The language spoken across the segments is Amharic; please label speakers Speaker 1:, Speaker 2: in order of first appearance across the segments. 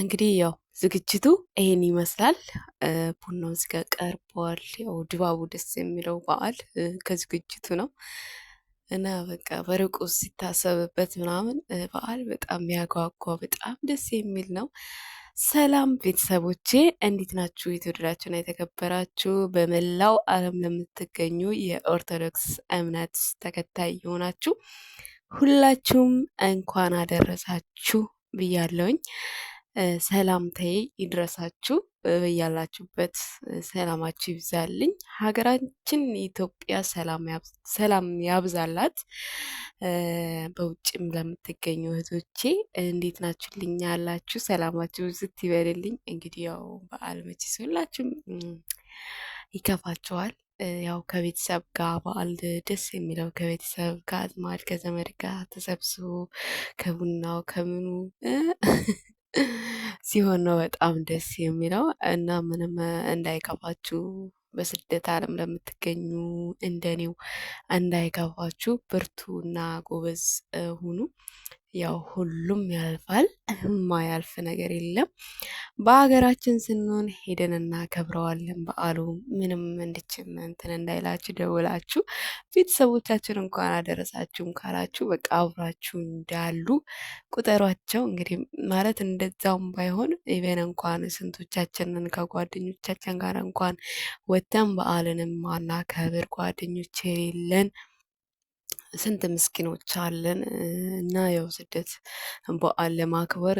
Speaker 1: እንግዲህ ያው ዝግጅቱ ይህን ይመስላል። ቡናው እዚህ ጋር ቀርቧል። ያው ድባቡ ደስ የሚለው በዓል ከዝግጅቱ ነው እና በቃ በርቁ ሲታሰብበት ምናምን በዓል በጣም የሚያጓጓ በጣም ደስ የሚል ነው። ሰላም ቤተሰቦቼ እንዴት ናችሁ? የተወደዳችሁና የተከበራችሁ በመላው ዓለም ለምትገኙ የኦርቶዶክስ እምነት ተከታይ የሆናችሁ ሁላችሁም እንኳን አደረሳችሁ ብያለውኝ። ሰላምታዬ ይድረሳችሁ። በያላችሁበት ሰላማችሁ ይብዛልኝ። ሀገራችን ኢትዮጵያ ሰላም ያብዛላት። በውጭም ለምትገኙ እህቶቼ እንዴት ናችሁልኝ? ያላችሁ ሰላማችሁ ዝት ይበልልኝ። እንግዲህ ያው በዓል መቼስ ሁላችሁም ይከፋችኋል። ያው ከቤተሰብ ጋር በዓል ደስ የሚለው ከቤተሰብ ከአዝማድ ከዘመድ ጋር ተሰብስቦ ከቡናው ከምኑ ሲሆን ነው በጣም ደስ የሚለው እና ምንም እንዳይከፋችሁ በስደት ዓለም ለምትገኙ እንደኔው እንዳይከፋችሁ፣ ብርቱ እና ጎበዝ ሁኑ። ያው ሁሉም ያልፋል፣ የማያልፍ ነገር የለም። በሀገራችን ስንሆን ሄደን እናከብረዋለን በዓሉ። ምንም እንድችም እንትን እንዳይላችሁ ደውላችሁ ቤተሰቦቻችን እንኳን አደረሳችሁም ካላችሁ በቃ አብራችሁ እንዳሉ ቁጠሯቸው። እንግዲህ ማለት እንደዛውም ባይሆን ኢቨን እንኳን ስንቶቻችንን ከጓደኞቻችን ጋር እንኳን ወተን በዓልንም ማናከብር ጓደኞች የሌለን ስንት ምስኪኖች አለን እና ያው ስደት በዓል ለማክበር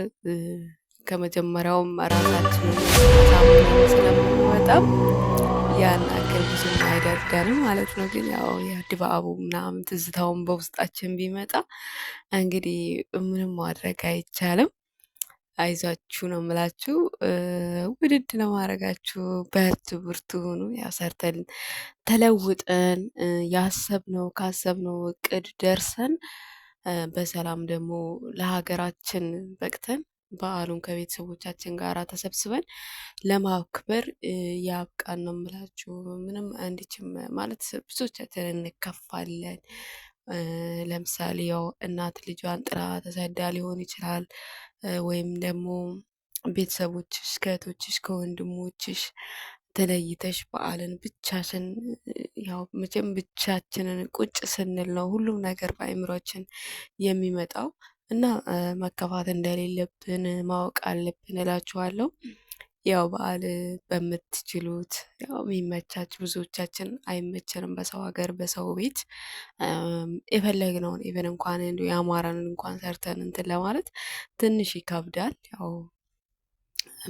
Speaker 1: ከመጀመሪያውም ራሳችንን ስለምንወጣም ያን አክል ብዙም ማለት ነው። ግን ያው የድባቡ ምናምን ትዝታውን በውስጣችን ቢመጣ እንግዲህ ምንም ማድረግ አይቻልም። አይዟችሁ ነው የምላችሁ። ውድድ ነው ማድረጋችሁ። በርቱ ብርቱ ሁኑ። ያው ሰርተን ተለውጠን ያሰብነው ካሰብነው እቅድ ደርሰን በሰላም ደግሞ ለሀገራችን በቅተን በዓሉን ከቤተሰቦቻችን ጋር ተሰብስበን ለማክበር ያብቃን ነው የምላችሁ። ምንም አንድችም ማለት ብዙዎቻችን እንከፋለን። ለምሳሌ ያው እናት ልጇን ጥራ ተሰዳ ሊሆን ይችላል። ወይም ደግሞ ቤተሰቦችሽ ከእህቶችሽ ከወንድሞችሽ ተለይተሽ በዓልን ብቻሽን ያው መቼም ብቻችንን ቁጭ ስንል ነው ሁሉም ነገር በአእምሯችን የሚመጣው እና መከፋት እንደሌለብን ማወቅ አለብን እላችኋለሁ። ያው በዓል በምትችሉት ያው የሚመቻች ብዙዎቻችን አይመቸንም። በሰው ሀገር በሰው ቤት የፈለግነውን ኢቨን እንኳን የአማራን እንኳን ሰርተን እንትን ለማለት ትንሽ ይከብዳል። ያው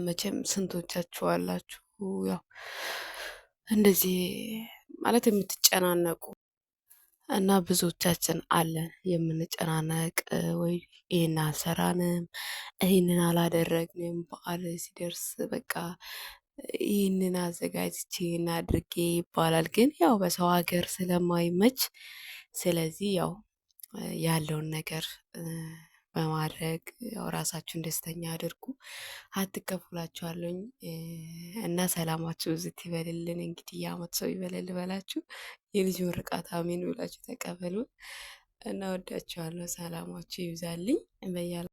Speaker 1: መቼም ስንቶቻችሁ አላችሁ ያው እንደዚህ ማለት የምትጨናነቁ እና ብዙዎቻችን አለን የምንጨናነቅ ወይ ይህን አልሰራንም፣ ይህንን አላደረግንም፣ በዓል ሲደርስ በቃ ይህንን አዘጋጅቼ ይህን አድርጌ ይባላል። ግን ያው በሰው ሀገር ስለማይመች ስለዚህ ያው ያለውን ነገር በማድረግ ያው ራሳችሁን ደስተኛ አድርጉ። አትከፍላችኋለኝ እና ሰላማችሁ ዝት ይበልልን። እንግዲህ የአመት ሰው ይበልል በላችሁ የልጅ ምርቃት አሜን ብላችሁ ተቀበሉ እና ወዳችኋለሁ። ሰላማችሁ ይብዛልኝ በያለ